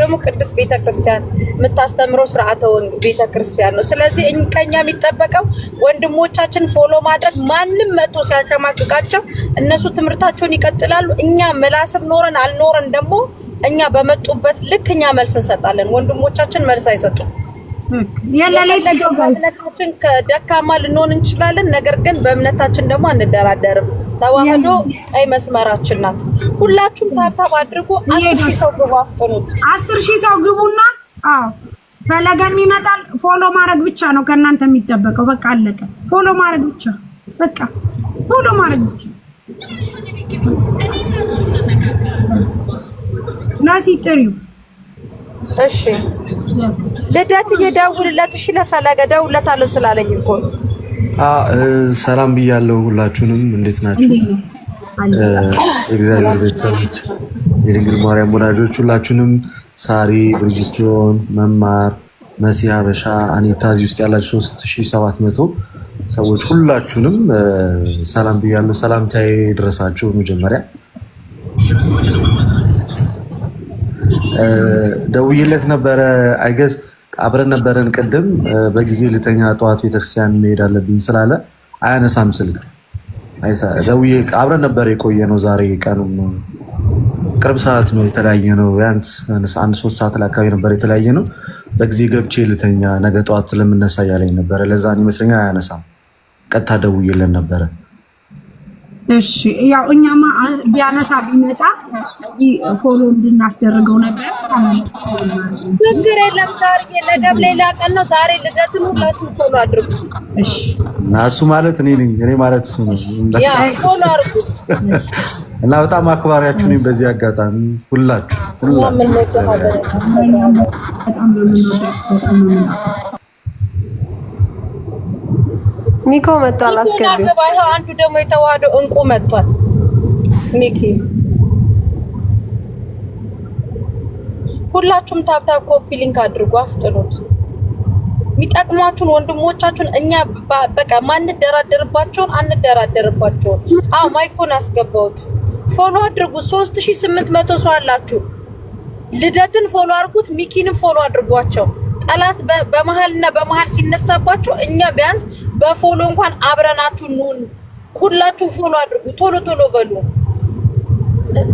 ደግሞ ቅዱስ ቤተክርስቲያን የምታስተምረው ስርዓተ ቤተክርስቲያን ነው። ስለዚህ ከኛ የሚጠበቀው ወንድሞቻችን ፎሎ ማድረግ፣ ማንም መጦ ሲያሸማቅቃቸው እነሱ ትምህርታቸውን ይቀጥላሉ። እኛ ምላስም ኖረን አልኖረን ደግሞ እኛ በመጡበት ልክ እኛ መልስ እንሰጣለን። ወንድሞቻችን መልስ አይሰጡም። በእምነታችን ደካማ ልንሆን እንችላለን። ነገር ግን በእምነታችን ደግሞ አንደራደርም። ተዋህዶ ቀይ መስመራችን ናት። ሁላችሁም ታብታብ አድርጎ አስር ሺህ ሰው ግቡ፣ አፍጥኑት። አስር ሺህ ሰው ግቡና ፈለገም ይመጣል። ፎሎ ማድረግ ብቻ ነው ከእናንተ የሚጠበቀው። በቃ አለቀ። ፎሎ ማድረግ ብቻ በቃ ፎሎ ማድረግ ብቻ። ናሲ ጥሪው እሺ ልደት እየደውልለት እሺ፣ ለፈለገ እደውልለታለሁ ስላለኝ እኮ ሰላም ብያለሁ። ሁላችሁንም እንዴት ናችሁ? እግዚአብሔር ቤተሰቦች፣ የድንግል ማርያም ወዳጆች ሁላችሁንም ሳሪ፣ ብርጅስቲዮን፣ መማር፣ መሲ፣ ሀበሻ፣ አኔታ እዚህ ውስጥ ያላችሁ 3700 ሰዎች ሁላችሁንም ሰላም ብያለሁ። ሰላምታዬ ድረሳችሁ መጀመሪያ ደውዬለት ነበረ። አይገስ አብረን ነበረን ቅድም በጊዜ ልተኛ ጠዋት ቤተክርስቲያን መሄድ አለብኝ ስላለ አያነሳም ስልክ። ደውዬ አብረን ነበር የቆየ ነው። ዛሬ ቀኑ ቅርብ ሰዓት ነው የተለያየ ነው። ቢያንስ አንድ ሶስት ሰዓት ላይ አካባቢ ነበር የተለያየ ነው። በጊዜ ገብቼ ልተኛ ነገ ጠዋት ስለምነሳ እያለኝ ነበረ። ለዛ ይመስለኛል አያነሳም። ቀጥታ ደውዬለን ነበረ እሺ ያው እኛማ ቢያነሳ ቢመጣ ፎሎ እንድናስደርገው ነበር። ችግር የለም። ታርጌ ነገ ሌላ ቀን ነው። ዛሬ ልደቱን ሁላችሁ ፎሎ አድርጉ። እሺ እና እሱ ማለት እኔ ነኝ፣ እኔ ማለት እሱ ነው። ፎሎ አድርጉ እና በጣም አክባሪያችሁ ነኝ። በዚህ አጋጣሚ ሁላችሁ ሁላችሁ በጣም በምንወዳችሁ በጣም ሚኮ መጥቷል። አስገቢ። አንዱ ደግሞ የተዋህዶ እንቁ መጥቷል። ሚኪ ሁላችሁም ታብታብ ኮፒ ሊንክ አድርጉ፣ አፍጥኑት። የሚጠቅሟችሁን ወንድሞቻችሁን እኛ በቃ ማንደራደርባቸውን አንደራደርባቸውን። አዎ ማይኮን አስገባውት። ፎሎ አድርጉ። 3800 ሰው አላችሁ። ልደትን ፎሎ አድርጉት። ሚኪንም ፎሎ አድርጓቸው። ጠላት በመሀልና በመሀል ሲነሳባችሁ እኛ ቢያንስ በፎሎ እንኳን አብረናችሁ ኑን። ሁላችሁ ፎሎ አድርጉ፣ ቶሎ ቶሎ በሉ።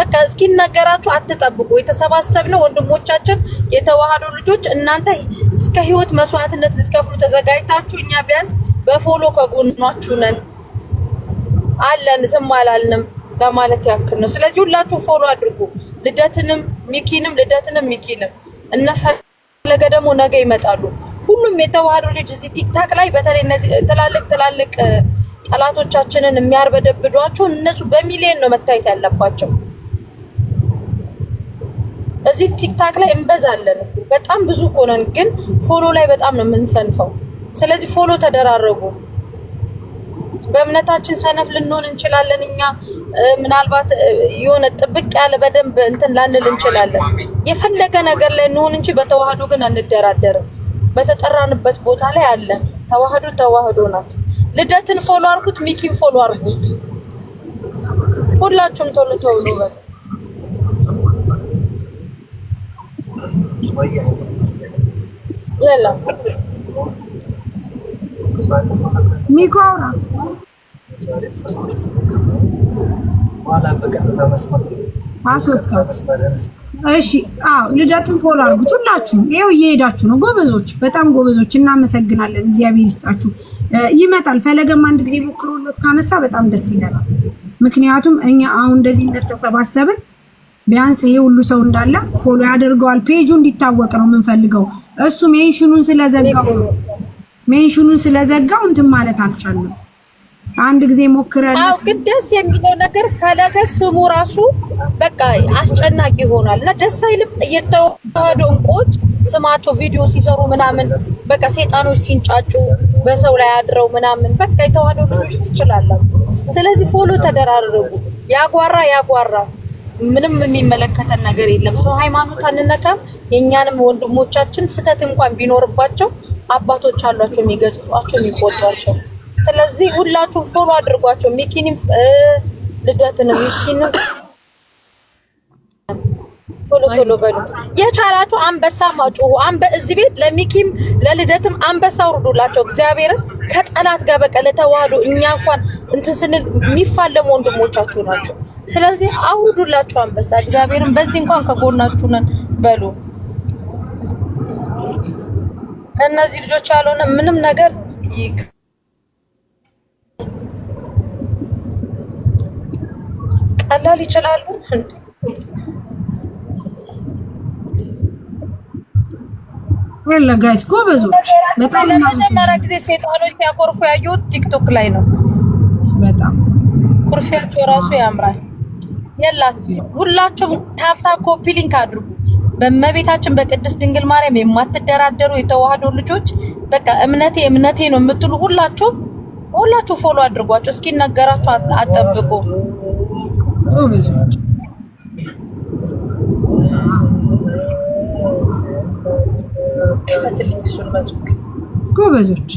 በቃ እስኪነገራችሁ አትጠብቁ። የተሰባሰብነው ወንድሞቻችን የተዋሃዱ ልጆች እናንተ እስከ ህይወት መስዋዕትነት ልትከፍሉ ተዘጋጅታችሁ እኛ ቢያንስ በፎሎ ከጎኗችሁ ነን አለን። ዝም አላልንም ለማለት ያክል ነው። ስለዚህ ሁላችሁ ፎሎ አድርጉ። ልደትንም ሚኪንም ልደትንም ሚኪንም እነፈ ነገ ደግሞ ነገ ይመጣሉ። ሁሉም የተዋህዶ ልጅ እዚህ ቲክታክ ላይ በተለይ እነዚህ ትላልቅ ትላልቅ ጠላቶቻችንን የሚያርበደብዷቸው እነሱ በሚሊዮን ነው መታየት ያለባቸው። እዚህ ቲክታክ ላይ እንበዛለን በጣም ብዙ እኮ ግን ፎሎ ላይ በጣም ነው የምንሰንፈው። ስለዚህ ፎሎ ተደራረጉ። በእምነታችን ሰነፍ ልንሆን እንችላለን። እኛ ምናልባት የሆነ ጥብቅ ያለ በደንብ እንትን ላንል እንችላለን። የፈለገ ነገር ላይ እንሆን እንጂ በተዋህዶ ግን አንደራደርም። በተጠራንበት ቦታ ላይ አለ ተዋህዶ ተዋህዶ ናት። ልደትን ፎሎ አርጉት፣ ሚኪን ፎሎ አርጉት። ሁላችሁም ቶሎ ቶሎ በሉ። የለም ሚኮ አውራ እሺ አዎ፣ ልደትን ፎሎ አድርጉት ሁላችሁም። ይኸው እየሄዳችሁ ነው ጎበዞች፣ በጣም ጎበዞች። እናመሰግናለን። እግዚአብሔር ይስጣችሁ። ይመጣል። ፈለገም አንድ ጊዜ ሞክሮሎት ካነሳ በጣም ደስ ይለናል። ምክንያቱም እኛ አሁን እንደዚህ እንደተሰባሰብን ቢያንስ ይሄ ሁሉ ሰው እንዳለ ፎሎ ያደርገዋል። ፔጁ እንዲታወቅ ነው የምንፈልገው። እሱ ሜንሽኑን ስለዘጋው ነው ሜንሽኑን ስለዘጋው እንትን ማለት አልቻልንም። አንድ ጊዜ ሞክረን። አዎ ግን ደስ የሚለው ነገር ፈለገ ስሙ ራሱ በቃ አስጨናቂ ይሆናል እና ደስ አይልም። የተዋህዶ እንቁዎች ስማቸው ቪዲዮ ሲሰሩ ምናምን በቃ ሰይጣኖች ሲንጫጩ በሰው ላይ አድረው ምናምን በቃ የተዋህዶ ልጆች ትችላላችሁ። ስለዚህ ፎሎ ተደራረቡ። ያጓራ ያጓራ ምንም የሚመለከተን ነገር የለም። ሰው ሃይማኖት አንነካም። የእኛንም ወንድሞቻችን ስተት እንኳን ቢኖርባቸው አባቶች አሏቸው የሚገጽፏቸው የሚቆጧቸው። ስለዚህ ሁላችሁ ፎሎ አድርጓቸው። ሚኪንም ልደትን ሚኪንም ቶሎ ቶሎ በሉ የቻላችሁ አንበሳ ማጩሁ አንበ እዚህ ቤት ለሚኪም ለልደትም አንበሳ ውርዱላቸው። እግዚአብሔርን ከጠላት ጋር በቀለ ተዋህዶ እኛ እንኳን እንትን ስንል የሚፋለሙ ወንድሞቻችሁ ናቸው። ስለዚህ አውርዱላችሁ አንበሳ እግዚአብሔርን በዚህ እንኳን ከጎናችሁ ነን በሉ። እነዚህ ልጆች ያልሆነ ምንም ነገር ይክ ቀላል ይችላሉ። ወላ ጋይስ ጎበዞች። በጣም ለመጀመሪያ ጊዜ ሰይጣኖች ሲያኮርፉ ያየሁት ቲክቶክ ላይ ነው። በጣም ኩርፊያቸው ራሱ ያምራል። የላት ሁላችሁም ታፕታፕ ኮፒ ሊንክ አድርጉ። በመቤታችን በቅድስት ድንግል ማርያም የማትደራደሩ የተዋህዶ ልጆች በቃ እምነቴ እምነቴ ነው የምትሉ ሁላችሁም ሁላችሁ ፎሎ አድርጓቸው። እስኪ ነገራችሁ አጠብቁ። ጎበዞች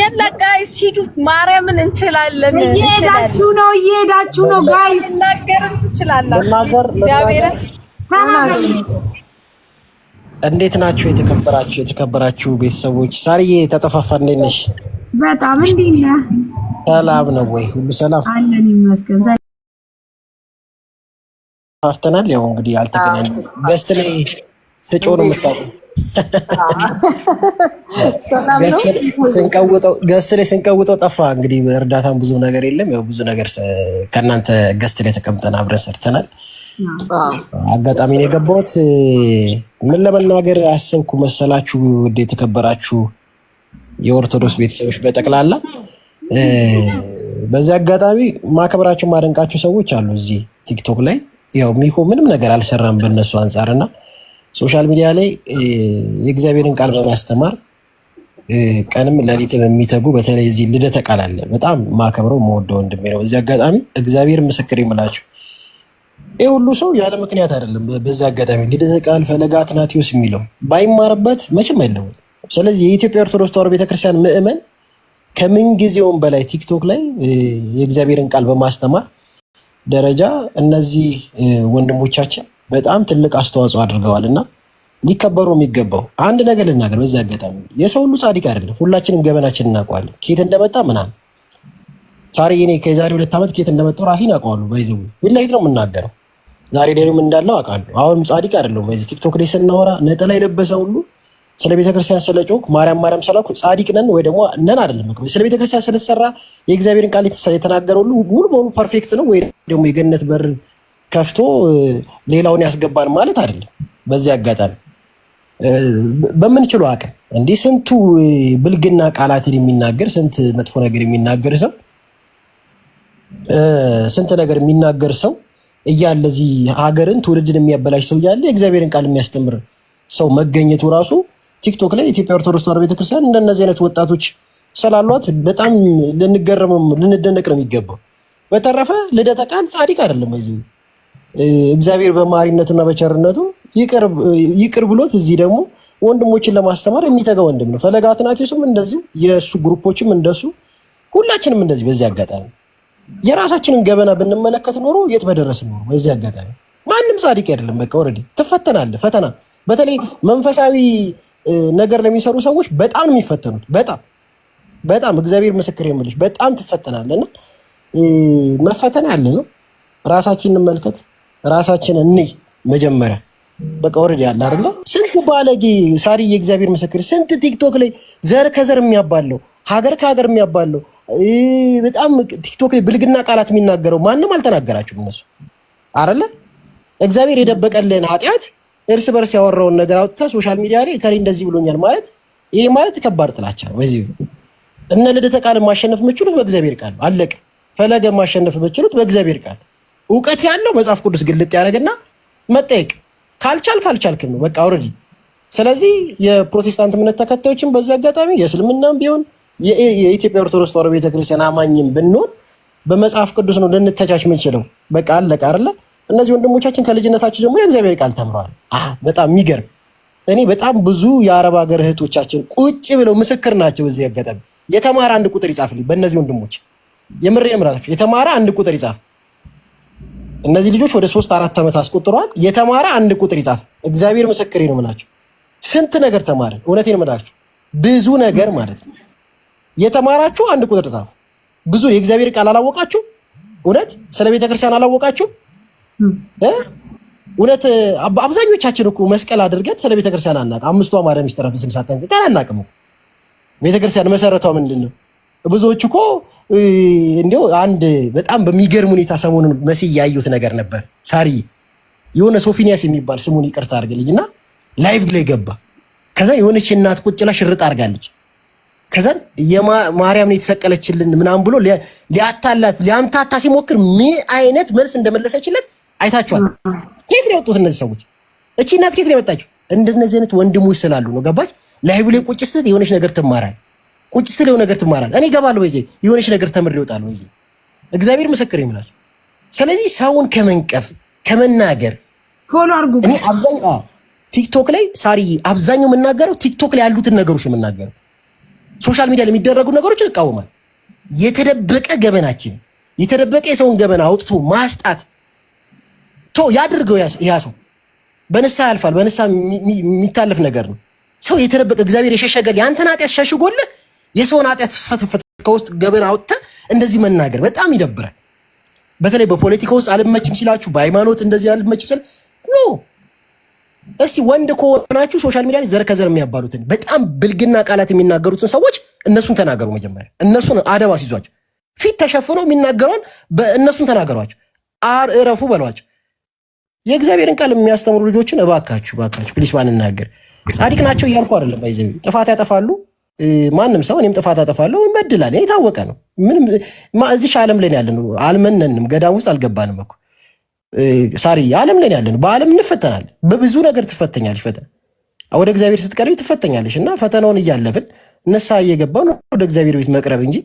የለ ጋይስ ሂዱ፣ ማርያምን እንችላለን። እየሄዳችሁ ነው፣ እየሄዳችሁ ነው ጋይስ። እናገርም እንችላለን እግዚአብሔርን እንዴት ናችሁ? የተከበራችሁ የተከበራችሁ ቤተሰቦች፣ ሳርዬ ተጠፋፋ፣ እንዴት ነሽ? በጣም እንዴት ነህ? ሰላም ነው ወይ? ሁሉ ሰላም አለን ይመስገን። ያው እንግዲህ አልተገናኘንም። ገስት ላይ ስጮ ነው የምታውቀው። ገስት ላይ ስንቀውጠው ጠፋ። እንግዲህ እርዳታም ብዙ ነገር የለም። ያው ብዙ ነገር ከእናንተ ገስት ላይ ተቀምጠን አብረን ሰርተናል። አጋጣሚ ነው የገባሁት። ምን ለመናገር አሰብኩ መሰላችሁ? ውድ የተከበራችሁ የኦርቶዶክስ ቤተሰቦች በጠቅላላ በዚህ አጋጣሚ ማከብራቸው ማደንቃቸው ሰዎች አሉ እዚህ ቲክቶክ ላይ ያው ሚኮ ምንም ነገር አልሰራም በእነሱ አንጻር እና ሶሻል ሚዲያ ላይ የእግዚአብሔርን ቃል በማስተማር ቀንም ለሊትም የሚተጉ በተለይ እዚህ ልደተ ቃል አለ በጣም ማከብረው መወደ ወንድሜ ነው። እዚህ አጋጣሚ እግዚአብሔር ምስክር ይምላቸው ይህ ሁሉ ሰው ያለ ምክንያት አይደለም። በዛ አጋጣሚ ልደተ ቃል ፈለገ አትናቴዎስ የሚለው ባይማርበት መቼም አይለወጥም። ስለዚህ የኢትዮጵያ ኦርቶዶክስ ተዋሕዶ ቤተክርስቲያን ምእመን ከምንጊዜውም በላይ ቲክቶክ ላይ የእግዚአብሔርን ቃል በማስተማር ደረጃ እነዚህ ወንድሞቻችን በጣም ትልቅ አስተዋጽኦ አድርገዋል እና ሊከበሩ የሚገባው አንድ ነገር ልናገር። በዚህ አጋጣሚ የሰው ሁሉ ጻድቅ አይደለም። ሁላችንም ገበናችን እናውቀዋለን፣ ኬት እንደመጣ ምናምን። ሳሪ እኔ ከዛሬ ሁለት ዓመት ኬት እንደመጣው ራሴን አውቀዋለሁ። ባይዘ ፊት ነው የምናገረው ዛሬ ደግሞ እንዳለው አውቃለሁ። አሁንም ጻድቅ አይደለሁም። በዚህ ቲክቶክ ላይ ስናወራ ነጠላ የለበሰ ሁሉ ስለ ቤተክርስቲያን ስለ ጮክ ማርያም ማርያም ስላልኩ ጻድቅ ነን ወይ ደግሞ ነን አይደለም። ስለ ቤተክርስቲያን ስለተሰራ የእግዚአብሔርን ቃል የተናገረ ሁሉ ሙሉ በሙሉ ፐርፌክት ነው ወይ ደግሞ የገነት በር ከፍቶ ሌላውን ያስገባን ማለት አይደለም። በዚህ አጋጣሚ በምንችለው አቅም እንዲህ ስንቱ ብልግና ቃላትን የሚናገር ስንት መጥፎ ነገር የሚናገር ሰው ስንት ነገር የሚናገር ሰው እያለ እዚህ ሀገርን ትውልድን የሚያበላሽ ሰው እያለ የእግዚአብሔርን ቃል የሚያስተምር ሰው መገኘቱ ራሱ ቲክቶክ ላይ ኢትዮጵያ ኦርቶዶክስ ተዋሕዶ ቤተክርስቲያን እንደነዚህ አይነት ወጣቶች ስላሏት በጣም ልንገረምም ልንደነቅ ነው የሚገባው። በተረፈ ልደተ ቃል ጻድቅ አይደለም። ይዚ እግዚአብሔር በማሪነቱና በቸርነቱ ይቅር ብሎት እዚህ ደግሞ ወንድሞችን ለማስተማር የሚተጋ ወንድም ነው። ፈለገ አትናቴዎስም እንደዚሁ፣ የእሱ ግሩፖችም እንደሱ፣ ሁላችንም እንደዚህ በዚህ አጋጣሚ የራሳችንን ገበና ብንመለከት ኖሮ የት በደረስ ኖሮ። በዚህ አጋጣሚ ማንም ጻድቅ አይደለም። በቃ ወረዲ ትፈተናለህ። ፈተና በተለይ መንፈሳዊ ነገር ለሚሰሩ ሰዎች በጣም የሚፈተኑት። በጣም በጣም እግዚአብሔር ምስክር የምልሽ በጣም ትፈተናለህ እና መፈተን ያለ ነው። ራሳችን እንመልከት፣ ራሳችን እንይ መጀመሪያ በቃ ወረድ ያለ አይደለ? ስንት ባለጌ ሳሪ የእግዚአብሔር ምስክር ስንት ቲክቶክ ላይ ዘር ከዘር የሚያባለው ሀገር ከሀገር የሚያባለው በጣም ቲክቶክ ላይ ብልግና ቃላት የሚናገረው ማንም አልተናገራችሁም። እነሱ አረለ እግዚአብሔር የደበቀልን ኃጢአት እርስ በርስ ያወራውን ነገር አውጥታ ሶሻል ሚዲያ ላይ ከሪ እንደዚህ ብሎኛል ማለት ይሄ ማለት ከባድ ጥላቻ ነው። በዚህ እነ ልደተ ቃል ማሸነፍ የምችሉት በእግዚአብሔር ቃል አለቀ። ፈለገ ማሸነፍ የምችሉት በእግዚአብሔር ቃል እውቀት ያለው መጽሐፍ ቅዱስ ግልጥ ያደረግና መጠየቅ ካልቻል ካልቻልክ ነው በቃ አውረዲ። ስለዚህ የፕሮቴስታንት እምነት ተከታዮችን በዚህ አጋጣሚ የእስልምናም ቢሆን የኢትዮጵያ ኦርቶዶክስ ተዋሕዶ ቤተክርስቲያን አማኝም ብንሆን በመጽሐፍ ቅዱስ ነው ልንተቻች ምንችለው። በቃ አለቀ አይደለ? እነዚህ ወንድሞቻችን ከልጅነታቸው ጀምሮ የእግዚአብሔር ቃል ተምረዋል። በጣም የሚገርም እኔ በጣም ብዙ የአረብ ሀገር እህቶቻችን ቁጭ ብለው ምስክር ናቸው። እዚህ ያጋጠመኝ የተማረ አንድ ቁጥር ይጻፍልኝ። በእነዚህ ወንድሞች የምሬ ምራቸው የተማረ አንድ ቁጥር ይጻፍ። እነዚህ ልጆች ወደ ሶስት አራት ዓመት አስቆጥረዋል። የተማረ አንድ ቁጥር ይጻፍ። እግዚአብሔር ምስክሬ ነው የምላቸው። ስንት ነገር ተማርን። እውነቴን የምላቸው ብዙ ነገር ማለት ነው። የተማራችሁ አንድ ቁጥር ጻፉ። ብዙ የእግዚአብሔር ቃል አላወቃችሁ፣ እውነት ስለ ቤተክርስቲያን አላወቃችሁ። እውነት አብዛኞቻችን እኮ መስቀል አድርገን ስለ ቤተክርስቲያን ክርስቲያን አናውቅም። አምስቱ አማርያ ሚስጥራት በስልሳ ቀን ቃል አናውቅም። ቤተክርስቲያን መሰረቷ ምንድን ነው? ብዙዎች እኮ እንዲያው አንድ በጣም በሚገርም ሁኔታ ሰሞኑን መሲ ያዩት ነገር ነበር። ሳሪ የሆነ ሶፊኒያስ የሚባል ስሙን ይቅርታ አድርግልኝ እና ላይቭ ላይ ገባ። ከዛ የሆነች እናት ቁጭላ ሽርጥ አድርጋለች ከዛን የማርያም ነው የተሰቀለችልን ምናምን ብሎ ሊያታላት ሊያምታታ ሲሞክር ምን አይነት መልስ እንደመለሰችለት አይታችኋል። ኬት ነው የወጡት እነዚህ ሰዎች? እቺ እናት ኬት ነው የመጣችው? እንደነዚህ አይነት ወንድሞች ስላሉ ነው። ገባች ላይቭ ላይ ቁጭ ስትል የሆነች ነገር ትማራል። ቁጭ ስትል የሆነ ነገር ትማራል። እኔ እገባለሁ ወይ የሆነች ነገር ተምር ይወጣል ወይ እግዚአብሔር ምስክር ይምላል። ስለዚህ ሰውን ከመንቀፍ ከመናገር ፎሎ አርጉ። እኔ አብዛኛው ቲክቶክ ላይ ሳሪ አብዛኛው የምናገረው ቲክቶክ ላይ ያሉትን ነገሮች የምናገረው ሶሻል ሚዲያ ለሚደረጉ ነገሮችን እቃወማል። የተደበቀ ገበናችን የተደበቀ የሰውን ገበና አውጥቶ ማስጣት ቶ ያድርገው ያ ሰው በንስሐ ያልፋል። በንስሐ የሚታለፍ ነገር ነው። ሰው የተደበቀ እግዚአብሔር የሸሸገል የአንተን ኃጢአት ሸሽጎለ የሰውን ኃጢአት ፈትፈት ከውስጥ ገበና አውጥተ እንደዚህ መናገር በጣም ይደብራል። በተለይ በፖለቲካ ውስጥ አልመችም ሲላችሁ፣ በሃይማኖት እንደዚህ አልመችም ስል ኖ እስቲ ወንድ ከሆናችሁ ሶሻል ሚዲያ ላይ ዘር ከዘር የሚያባሉትን በጣም ብልግና ቃላት የሚናገሩትን ሰዎች እነሱን ተናገሩ። መጀመሪያ እነሱን አደብ አስይዟቸው። ፊት ተሸፍኖ የሚናገረውን እነሱን ተናገሯቸው። አር እረፉ በሏቸው። የእግዚአብሔርን ቃል የሚያስተምሩ ልጆችን እባካችሁ እባካችሁ ፕሊስ ባንናገር። ጻድቅ ናቸው እያልኩ አይደለም። ይዘ ጥፋት ያጠፋሉ። ማንም ሰው እኔም ጥፋት አጠፋለሁ፣ እንበድላለን። የታወቀ ነው። ምንም እዚህ ዓለም ላይ ያለ ነው። አልመነንም፣ ገዳም ውስጥ አልገባንም እኮ ሳሪ ዓለም ላይ ያለን በዓለም እንፈተናል። በብዙ ነገር ትፈተኛለች። ፈተና ወደ እግዚአብሔር ስትቀርቢ ትፈተኛለች እና ፈተናውን እያለፍን ንስሐ እየገባን ወደ እግዚአብሔር ቤት መቅረብ እንጂ